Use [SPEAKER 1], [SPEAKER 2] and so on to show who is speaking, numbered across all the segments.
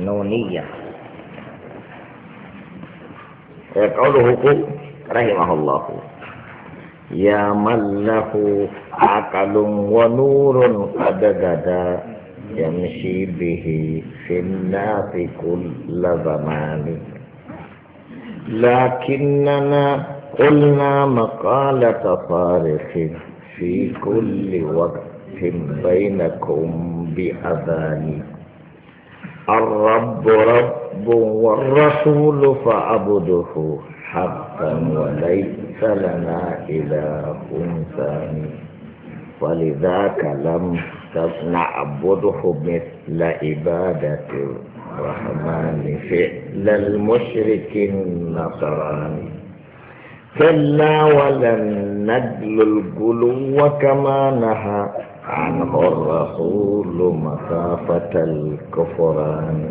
[SPEAKER 1] نونية يقوله قل رحمه الله يا من له عقل ونور قد بدا يمشي به في الناس كل زمان لكننا قلنا مقالة صارخ في كل وقت بينكم بأذانك الرب رب والرسول فاعبده حقا وليس لنا إله ثاني ولذاك لم نعبده مثل عبادة الرحمن فعل المشرك النصراني كلا ولن ندل الجلو كما نهى عنه الرسول مسافة الكفران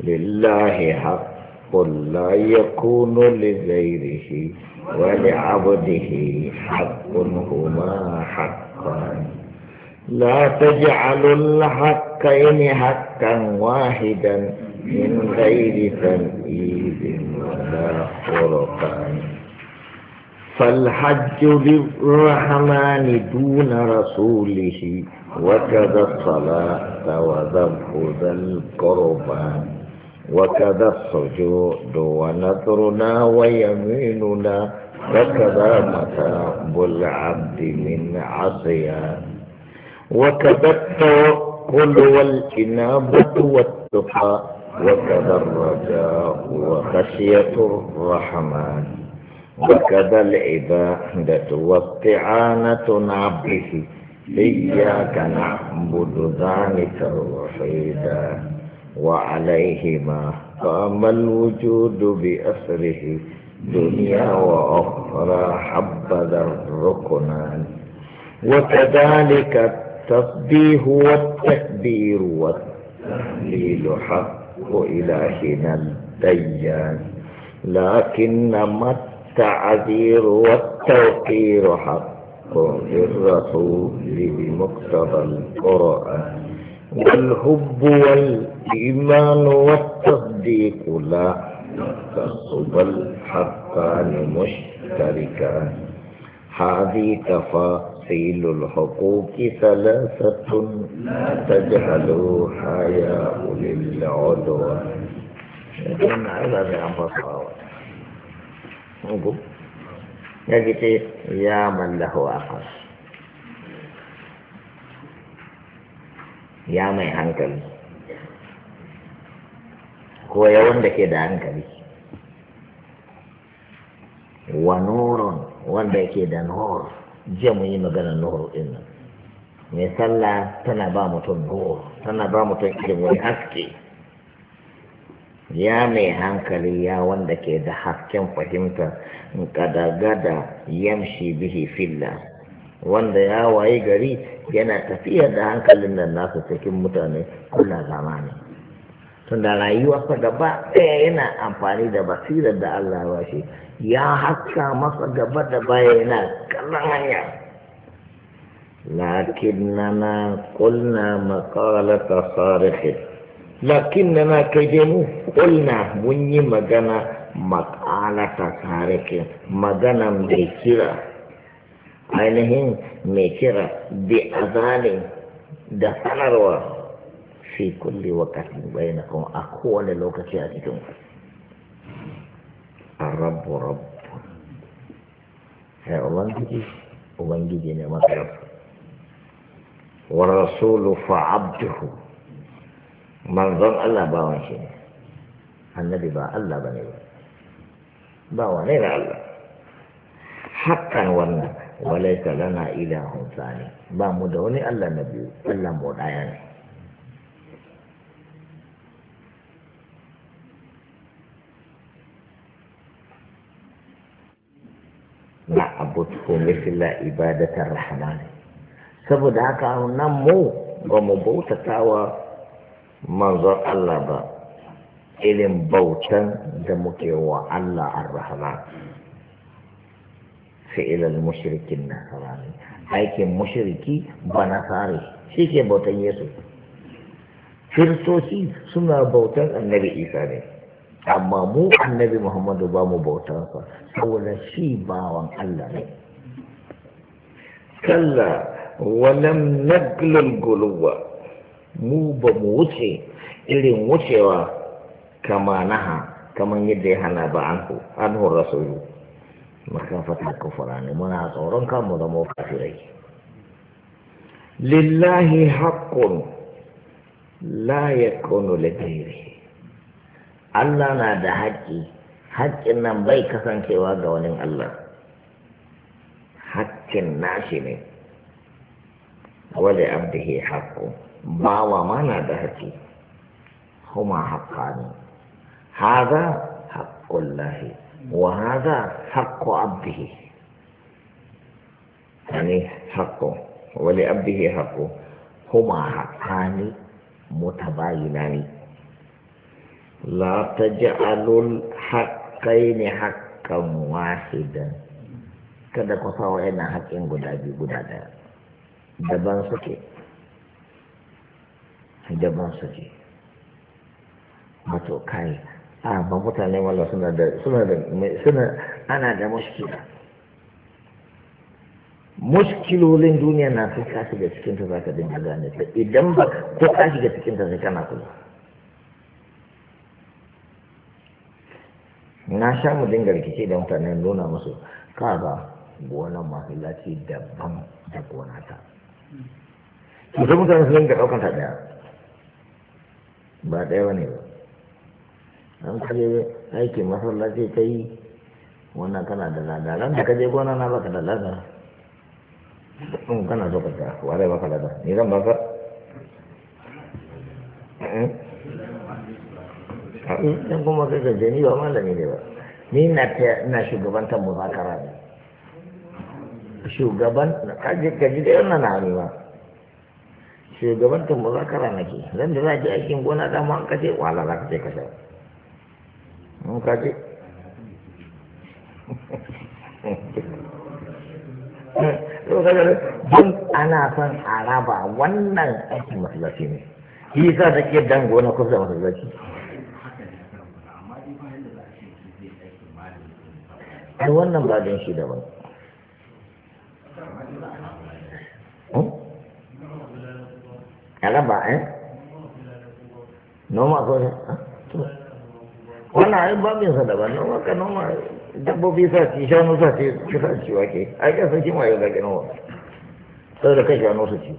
[SPEAKER 1] لله حق لا يكون لغيره ولعبده حق هما حقان لا تجعل الحقين حقا واحدا من غير تمييز ولا فرقان فالحج للرحمن دون رسوله وكذا الصلاة وذبح ذا القربان وكذا السجود ونذرنا ويميننا وكذا متاب العبد من عصيان وكذا التوكل والإنابة والتقى وكذا الرجاء وخشية الرحمن وكذا العبادة والطعانة به إياك نعبد ذلك الوحيدا وعليهما قام الوجود بأسره دنيا وأخرى حبذا الركنان وكذلك التصبيح والتكبير والتهليل حق إلهنا الديان لكن ما التعذير والتوقير حق للرسول بمقتضى القرآن والحب والإيمان والتصديق لا تصب الحقان مشتركان هذه تفاصيل الحقوق ثلاثة لا تجهلوها يا أولي العدوان. ugu ya ce ya mallahu ya mai hankali ko ya wanda ke da hankali wa nurun wanda yake da nur jiya mun yi magana nur din nan mai sallah tana ba mutum nur tana ba mutum irin haske ya mai hankali ya wanda ke da hasken fahimta gada-gada yamshi bihi filla wanda ya waye gari yana tafiya da hankalin nan nasu cikin mutane kula zamani tunda rayuwarsa gaba ɗaya yana amfani da basirar da Allah ya washe ya haska masa gaba da baya yana kallon hanya lakin nana kulna makalata lakinnana to jemu holna munyi magana mak alata sareke magana me cira ainihin me cira bi azalin da sanarwa fi kulli wakati baina kum a kowane lokaci a cikin a rabu rabu sai ubangiji ubangiji ne masarar wa rasulu fa abduhu manzon Allah bawan shi ne annabi ba Allah ba ne ba bawa ne na Allah hakan wannan walaita lana ila sani ba mu da wani Allah na biyu Allah mu daya ne na abutu misila ibadatar rahmani saboda haka nan mu ba mu bautatawa manzon Allah ba irin bautan da muke wa Allah ar-Rahman fi'ilal mushrikin nasarani aikin mushriki ba Sare, shi ke bautan Yesu kiristoci suna bautan annabi Isa ne amma mu annabi Muhammadu ba mu bautan sa saboda shi bawan Allah ne kalla wa lam naglul mu ba mu wuce irin wucewa kama naha kaman yadda ya hana ba an ku an hura soyu makafata kufura ne muna tsoron kanmu da mu kafirai lillahi haqqun la yakunu li Allah na da haƙƙi haƙƙin nan bai kasancewa ga wani Allah haƙƙin nashi ne wale abdihi haqqun bawa mana da haƙƙi huma haza, haƙƙun lahi, wa haza haƙƙo, abdihi yani haqqu wa li abdihi haqqu huma na ne la ta taj'alul ne haƙƙan wahidan kada kwasa wa yana haƙƙin guda biyu guda ɗaya daban suke daban su ce mato kai a ba mutane wallah suna da suna da suna ana da mushkila mushkilolin duniya na sai ka shiga cikin ta zaka dinga gane ta idan ba ko ka shiga cikin ta sai kana kula na sha mu dinga rikice da mutane nuna musu ga gonan masu lati daban da gonata. ta. Mutum mutane sun dinga ɗaukanta ɗaya. ba ɗaya ne ba an kaje aikin masallaci ta yi wannan kana da lada ran da kaje gona na baka da lada in kana so ka ta ware baka lada ni zan baka eh? ah, in kuma kai gaje ni ba malami ne ba ni na na tambu muzakara ne shugaban kaje kaje da yana na ba. shugabantar muzakara ke zan da za ki aikin gona dama an kace wala za ka je ka sha mun kaje to don ana son araba wannan aikin masallaci ne shi sa take dan gona kusa da masallaci ai wannan ba don shi daban ya raba eh noma ko ne wannan ai babin sa ba, noma ka noma dabbobi sa ci shanu sa ci sa ci wake ai ka san kin wayo da gano sai da kai shanu su ci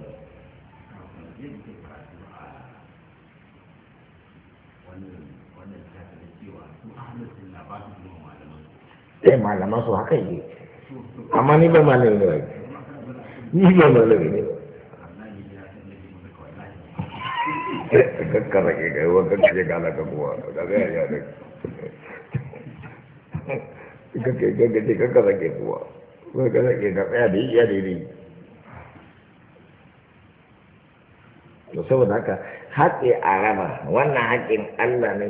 [SPEAKER 1] sai malaman su haka yi amma ni ba malami ne ni ba malami ne kakkara ke kai ka kuwa da ya da kakkara ke kuwa kakkara ke ka tsaya da iya saboda haka haƙƙi a raba wannan haƙƙin Allah ne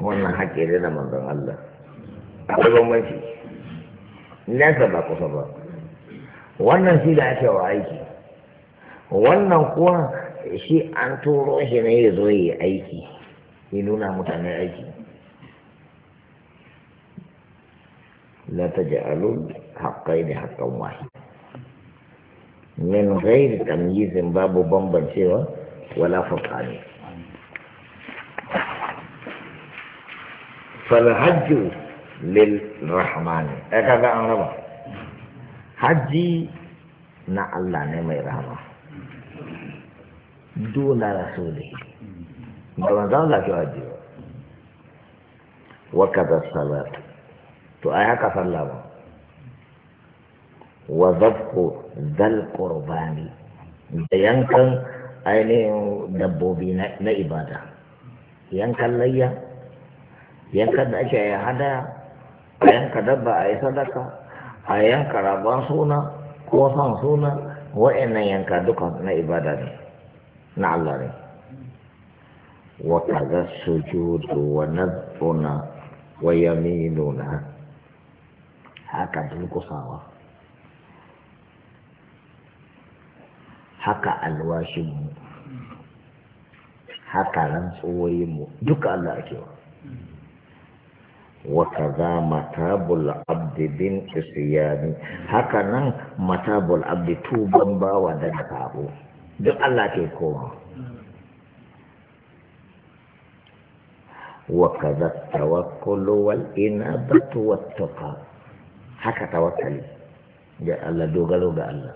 [SPEAKER 1] wannan haƙƙi ne na manzon Allah akwai bambanci nesa ba kusa ba wannan shi da ake wa aiki wannan kuwa shi an turo shi ne ya zo yi aiki ya nuna mutane aiki la ta ji ja'alu haƙƙai da haƙƙan wahi min rai ghairi tamyizin babu bambancewa wala furqani ne falhajju lil rahmani rahman kaga an raba hajji na Allah ne mai rahama duna rasuli ba manzan Allah ke waje ba wa kaza salatu to ai haka sallah ba zal da yankan ainihin dabbobi na ibada yankan layya yankan da ake ya hada a yanka dabba a yi sadaka a yanka rabon suna ko san suna wa'annan yanka duka na ibada ne na lare waka ga su ju zuwa na tsona waya na haka dunkusawa haka alwashinmu haka nan mu duka Allah ake wa waka za matabul abdi bin isiyani haka nan matabul abdi tuban bawa da ta duk Allah ke koma wa kaza tawakkulu wal inabatu wat taqa haka tawakkali ga Allah dogaro ga Allah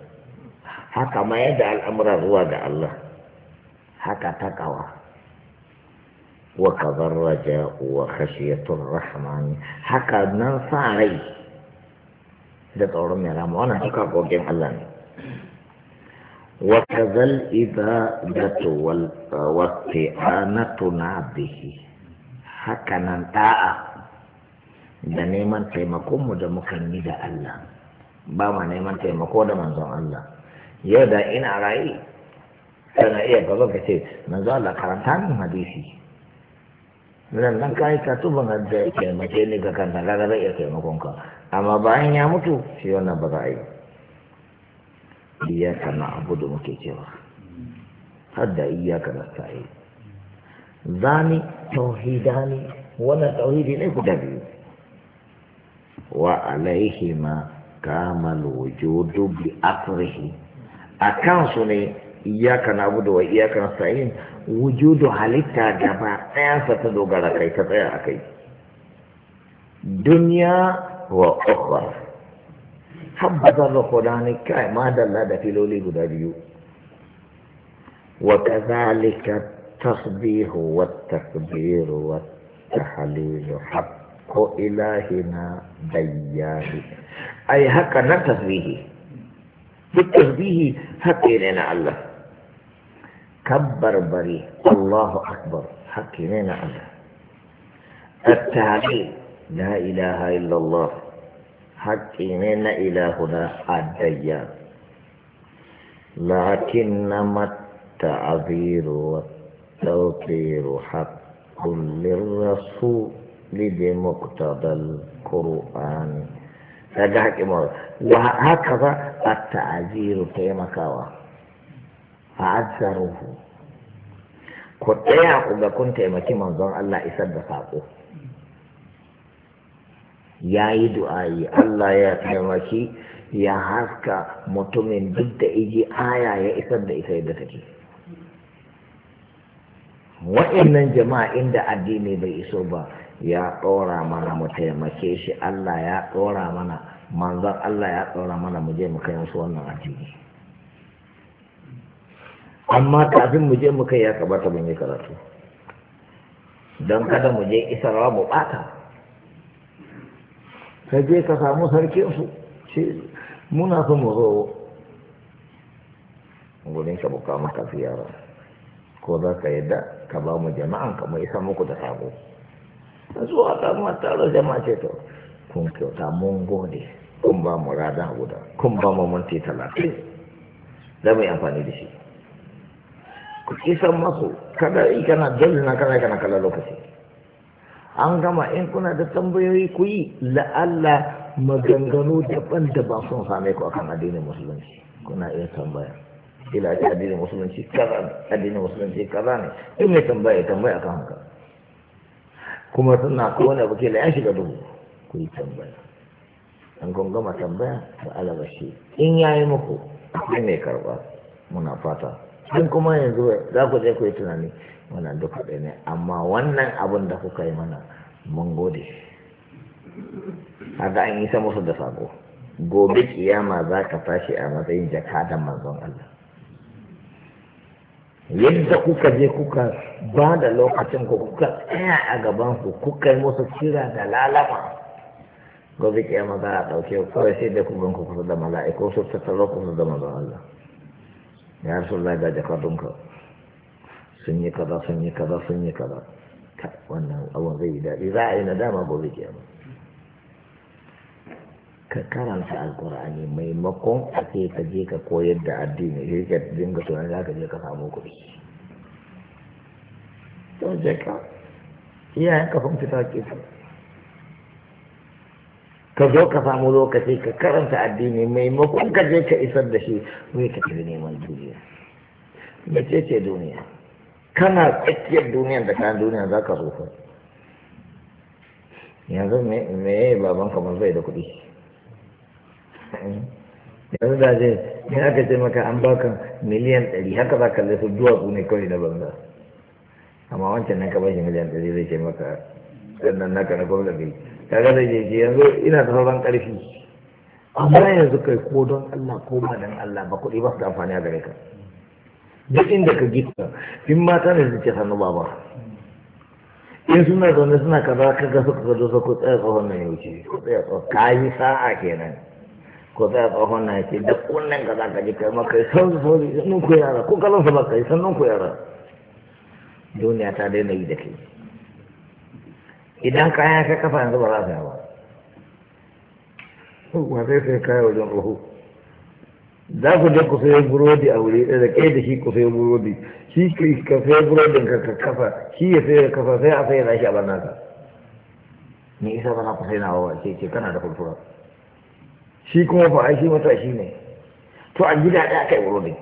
[SPEAKER 1] haka mayar da al'amuran ruwa ga Allah haka takawa wa kazar raja wa khashiyatur rahmani haka nan sa rai da tsoron mai rama wannan haka gogin Allah ne وكذا الإبادة والطعانة به هكذا ta'a. da neman taimakonmu da mukan yi da Allah ba ma neman taimako da manzon Allah yau da ina rayu kana iya gaba ka ce manzon Allah karanta min hadisi nan nan ka tuba ga da taimake ni ga kanta ga zai iya taimakon ka amma bayan ya mutu shi wannan ba za a yi iyaka na abudu muke cewa har da iyaka na sa'i zani tauhidani wannan tauhidi ne guda biyu wa alaihi ma kamal wujudu bi akan su ne iyaka na abudu wa iyaka na sa'i wujudu halitta gaba sa ta dogara kai ta tsaya a kai duniya wa ukhra حبذر خلاني كاي ما دل هذا في لولي بداريو وكذلك التصبيح والتكبير والتحليل حق إلهنا بيان أي حق نتصبيح بالتصبيح حق لنا الله كبر بري الله أكبر حق لنا الله التعليل لا إله إلا الله حقيننا إلى هنا أديا لكن التعبير والتوقير حق للرسول بمقتضى القرآن هذا حق وهكذا التعذير كما كوا فعذره كنت يا كنت يا مكي منظر الله يسد ساقه ya yi du'ayi Allah ya taimaki ya haska mutumin duk da iji aya ya isar da ita yadda take wa'annan jama'a inda addini bai iso ba ya ɗora mana mu taimake shi Allah ya ɗora mana manzon Allah ya ɗora mana mu je mu kai musu wannan addini amma kafin mu je mu kai ya kamata mun yi karatu don kada mu je isarwa mu ɓata ka je ka samu sarkinsu ce muna so mu zo wurin ka buka maka ziyara ko za ka da, ka ba mu jama'an ka mai isa muku da sabo a zuwa ta kuma taro jama'a ce to kun kyauta mun gode kun ba mu rada guda kun ba mu minti talatin da mu amfani da shi ku kisan masu kada kana dalilin kana kana kallon lokaci an gama in kuna da tambayoyi ku yi la'alla maganganu daban da ba sun same ku akan addinin musulunci kuna iya tambaya ila ce addinin musulunci kaza addinin musulunci kaza ne In mai tambaya tambaya akan haka kuma suna abu ke da ya shiga dubu ku yi tambaya an kun gama tambaya ba alabashi in yayi muku ne karba muna fata in kuma yanzu za ku je ku yi tunani wannan duk ɗaya ne amma wannan abin da kuka yi mana mun gode haka an sa musu da sako gobe kiyama za ka tashi a matsayin jakadan manzon Allah yadda kuka je kuka ba da lokacin ku kuka tsaya a gaban ku kuka yi musu kira da lalama gobe kiyama za a ɗauke kawai sai da ku kusa da mala'iku su tattaro kusa da manzon Allah ya rasu lai da jakadunka sun yi kaza sun yi kaza sun yi kaza wannan abun zai yi daɗi za a yi nadama gobe kiyama ka karanta alkur'ani maimakon a ce ka je ka koyar da addini ya ke dinga tunan za ka je ka samu kuɗi to je ka iyayen kafin fita ke ka zo ka samu lokaci ka karanta addini maimakon ka je ka isar da shi wai ka tafi neman duniya mace ce duniya kana tsakiyar duniyar da kayan duniya za ka tsofa yanzu me ya yi baban kamar zai da kuɗi yanzu da zai in aka ce maka an baka miliyan ɗari haka za ka lafi duwatsu ne kawai na banza amma wancan nan ka bashi miliyan ɗari zai ce maka sannan naka na gwamnati kaga da jeje yanzu ina da sauran karfi amma yanzu kai ko don Allah ko ma dan Allah ba kuɗi ba su da amfani a gare ka duk inda ka gita in mata ne suke sannu baba in suna zaune suna kaza ka ga suka zo sa ko tsaya tsohon nan ya wuce ko tsaya tsohon ka yi sa'a kenan ko tsaya tsohon nan ya ce da kunnen ka za ka ji kai makai sauri sauri sannan ku yara ko kalansa ba kai sannan ku yara duniya ta daina yi da kai idan kaya ka kafa yanzu ba za su yawa ba sai sai kaya wajen ruhu za ku je ku sayo burodi a wuri da kai da shi ku sayo burodi shi ka sayo burodin ka kafa shi ya sayo kafa sai a sayo shi a ka. ni isa ba na ku sai nawa ce ce kana da kultura shi kuma ba a shi shi ne to a gida ɗaya kai burodi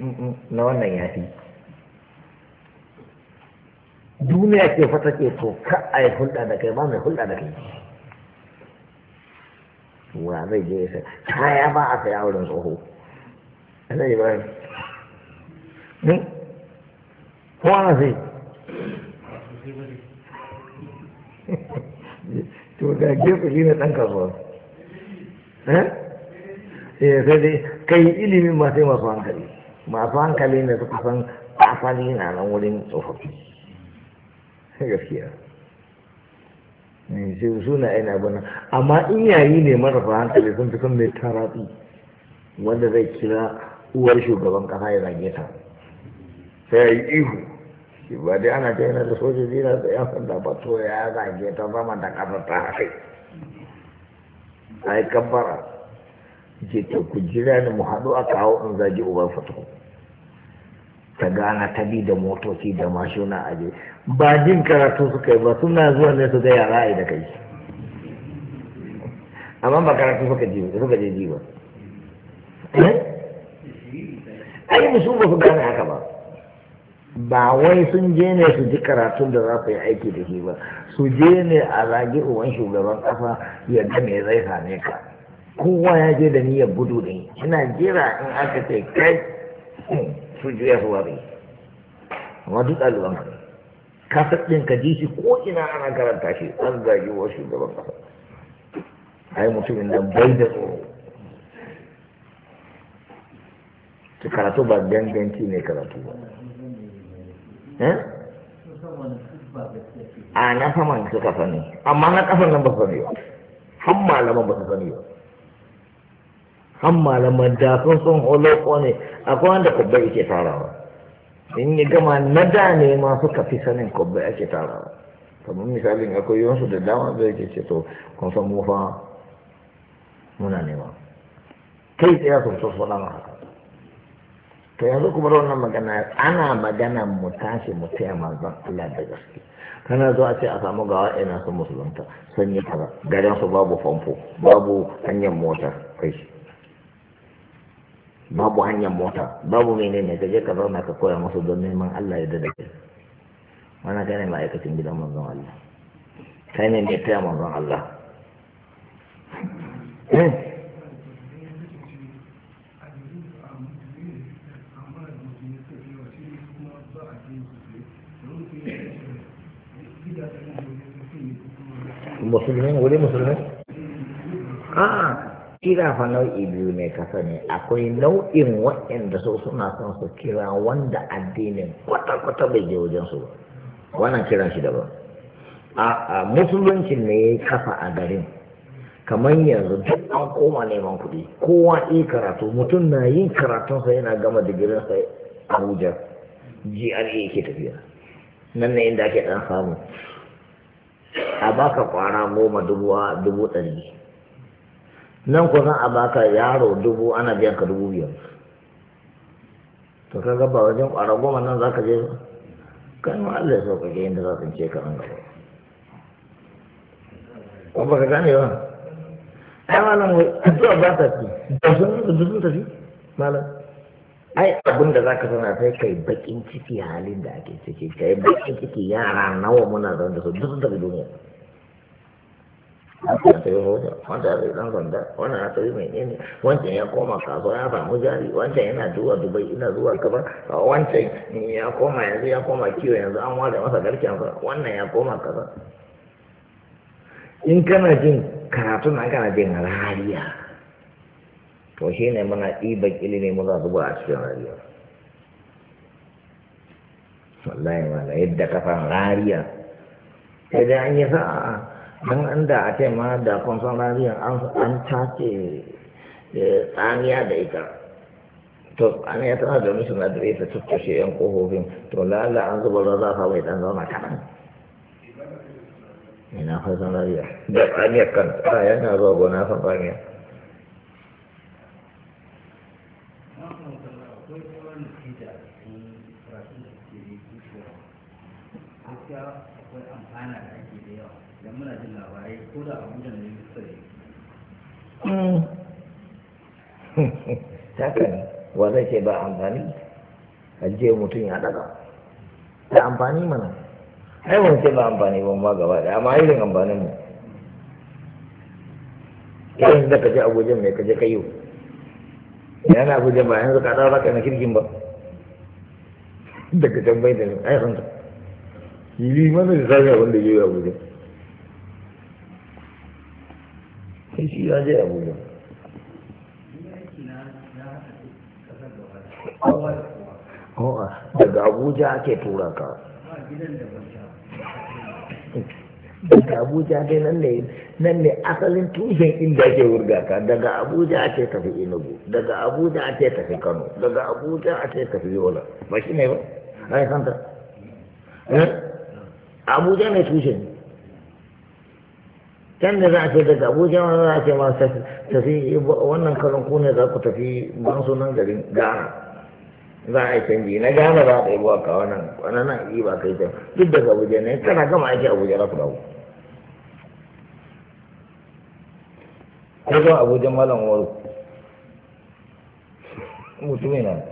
[SPEAKER 1] mm, mm, na wannan ya fi duniya ke fata ke to ka a yi hulɗa da kai ba mai hulɗa da kai wa zai je sai kaya ba a saya wurin tsoho zai ba ne hmm? ko ana sai to ga gefe shi ne ɗan kasuwa eh? eh sai dai kai ilimin ma sai masu hankali masu hankali ne suka san asali na nan wurin tsofaffi gaskiya eh, sai suna aina bana amma in yayi ne marafa hankali sun fi son mai tarafi wanda zai kira uwar shugaban kasa ya zage ta sai ya yi ihu ba dai ana ta yana da sojoji na da yan sanda ba to ya zage ta zama da kasar ta haɗe a yi kabbara je ta ku jira ni mu haɗu a kawo in zage uwar fatu ta gana ta bi da motoci da mashina je ba jin karatu suka yi ba suna zuwa ne su ga yara yi da kai amma ba karatu suka ji suka je ji ba eh? ai musu ba su gane haka ba ba wai sun je ne su ji karatun da za su yi aiki da shi ba su je ne a zagi uwan shugaban kasa yadda me zai same ka kowa ya je da niyyar gudu ne ina jira in aka ce kai su juya su amma duk ɗaliban ka kasar ɗin ka ji shi ko ina ana karanta shi an zagi wa shugaban ƙasa ai mutumin nan bai da tsoro su karatu ba ganganci ne karatu ba eh? a na saman suka sani amma na ƙasan nan ba su sani ba har malaman ba su sani ba har malaman da sun sun holoko ne akwai wanda kubbai yake tarawa in ya gama na da ne ma suka fi sanin kubbai ake tarawa kamar misalin akwai yawansu da dama da yake ce to kun san mu muna nema kai tsaye sun so faɗa ma haka to yanzu kuma da wannan magana ana magana mu tashi mu taya manzon Allah da gaske kana zo a ce a samu gawa ina su musulunta sun yi kaza garin su babu famfo babu hanyar mota kai babu hanyar mota babu menene ka je ka zauna ka koya musu don neman Allah ya dada ke wannan kai ne ma'aikacin gidan manzon Allah kai ne mai taya manzon Allah eh? kira fa nau'i biyu ne ka sani akwai nau'in waɗanda su suna son su kira wanda addinin kwata-kwata bai je wajen su ba. wannan kiran shi daban a musuluncin ne ya kafa a garin kamar yanzu duk an koma neman kuɗi kowa yi karatu mutum na yin karatunsa yana gama digirinsa abuja GRA yake tafiya nan ne inda ake ɗan samu a baka kwara goma dubu ɗari nan ko zan a baka yaro dubu ana biyan ka dubu biyar to ga ba wajen kwara goma nan za ka je ba kai ma Allah ya ke inda za ka ce ka an gaba ko ba ka gane ba ai malam wai addu'a ba ta fi da sun da dubu ta fi malam ai abin da za ka sana sai kai bakin ciki halin da ake ciki kai bakin ciki yara nawa muna zaune da su ta fi duniya Wanda ta yi hoda, wanda ta yi ɗan sanda, wanda ta mai ne, wancan ya koma kasuwa ya samu jari, wancan yana zuwa Dubai ina zuwa kaza, wancan ya koma yanzu ya koma kiwo yanzu an ware masa garkensa, wannan ya koma kaza. In kana jin karatun nan kana jin rariya, to shi ne muna ɗiban ilimi muna zuba a cikin rariya. Wallahi wala yadda kafan rariya, sai dai an yi sa'a don an da a ma da kwanson rariya an tace tsamiya da ita to an ya tana da na da ita, ta shi yan kohofin to lalla an zuba ruwa zafa mai dan zauna kaɗan ina fasan rariya da tsamiya kan tsara na zuwa gona san tsamiya Yeah. ko da abuja ne sai haka ne wa zai ce ba amfani ajiye mutum ya daga da amfani mana ai wani ce ba amfani ba ma gaba da amma irin amfanin mu yayin da ka je abuja mai ka je ka yi yana abuja ba yanzu ka dawo ka na kirkin ba daga can bai da ai hanta yi mana da sanya wanda ya yi abuja kai shi ya je abuja daga abuja ake tura ka daga abuja dai nan ne asalin tushen inda ake wurga ka daga abuja ake tafi inugu daga abuja ake tafi kano daga abuja ake tafi yola ba shi ne ba ai santa eh? abuja ne tushen can da za a ce daga abuja wani za a ce ma tafi wannan karin ku ne za ku tafi ban sunan garin ghana za a yi canji na ghana za a ɗaya buwa ka wannan wannan nan yi ba kai can duk daga abuja ne kana gama aiki abuja za ku dawo ko zo abuja malam wani mutumin nan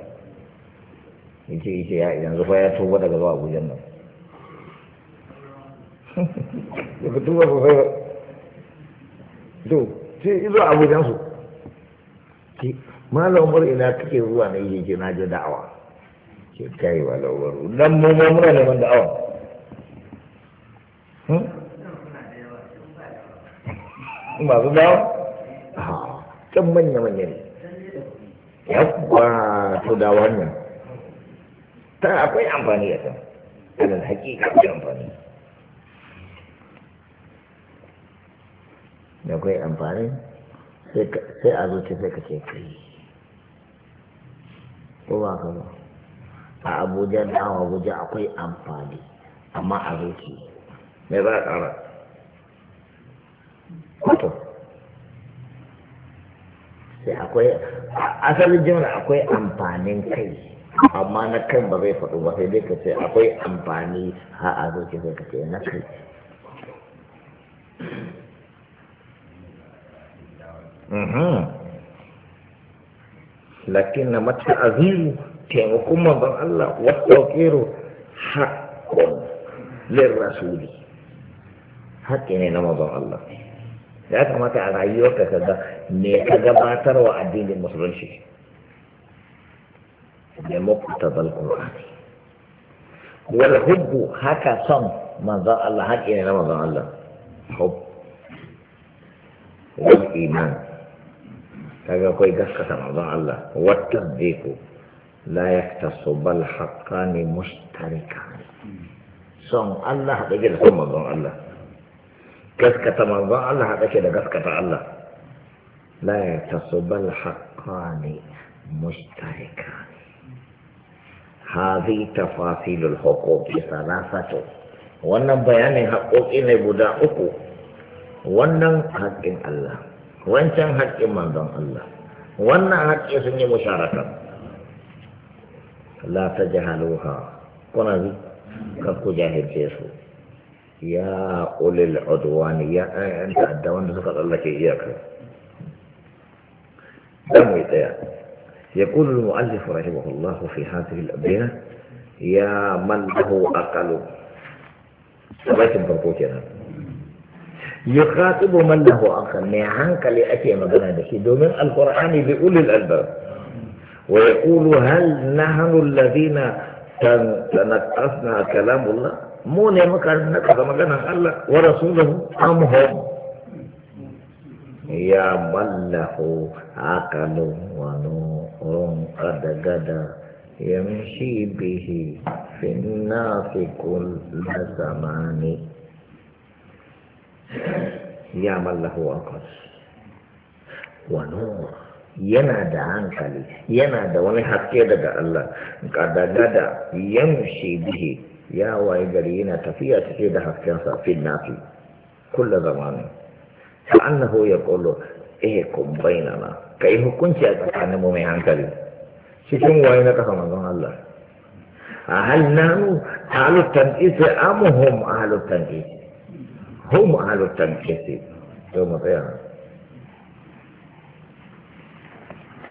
[SPEAKER 1] yace yace ya yanzu fa ya tuba daga zuwa abuja nan ya tuba fa to sai izo a su. malam umar ina kake zuwa na yi ke na ji da'awa ke kai wa lauru dan mu ma muna neman da'awa masu hmm? da'awa a ah, kan manya manya ne ya kuwa to da wannan ta akwai amfani ya ta alal hakika akwai amfani da kai amfani sai a zuci sai ka ce kai ko ba ka ba a abuja da awa abuja akwai amfani amma a zuci me za a ƙara kwato sai akwai asalin jimla akwai amfanin kai amma na kan ba zai faɗo ba sai dai ka ce akwai amfani ha a zuci sai ka ce na kai lakin na mata azizu taimakon manzon Allah wata kero haƙƙon lin rasuli haƙƙi ne na manzon Allah ya kamata a rayuwarka ka ga me ka gabatarwa addinin musulunci da muqtabal qur'ani wal hubbu haka son manzon Allah haƙƙi ne na manzon Allah hub wal iman kaga akwai gaskata manzon Allah wata zeko la yaktasu bal haqqani mustarika son Allah haɗe da son manzon Allah gaskata manzon Allah haɗake da gaskata Allah la yaktasu bal haqqani mustarika هذه تفاصيل الحقوق ثلاثة wannan bayanin haƙoƙi ne guda uku wannan haƙƙin Allah wancan haƙƙin manzon Allah wannan haƙƙi sun yi musharaka la ta jahaluha kuna bi kar ku jahilce su ya ulil udwani ya ayyan ta'adda wanda suka tsallake iyaka dan mai tsaya يقول المؤلف رحمه الله في هذه الأبيات يا من له أقل. سبعة بركوتنا يخاطب من له عقل ما عنك لأكي ما بنادك من القرآن بأول الألباب ويقول هل نحن الذين تنقصنا كلام الله مو نعمك على النقص ما قال الله ورسوله أم هم يا من له عقل ونور قد قد يمشي به في الناس كل زمان ya mallahu akbar wano yana da hankali yana da wani haske daga Allah kadagada yamshi bihi ya waye gari yana tafiya cike da haskensa fil nafi kullu zamanin fa annahu yaqulu eh kun bainana kai hukunci a tsakanin mu mai hankali cikin waye na kafa manzon Allah a hal nanu ahlut tanqis amuhum ahlut tanqis هم أهل التنكيس يوم القيامة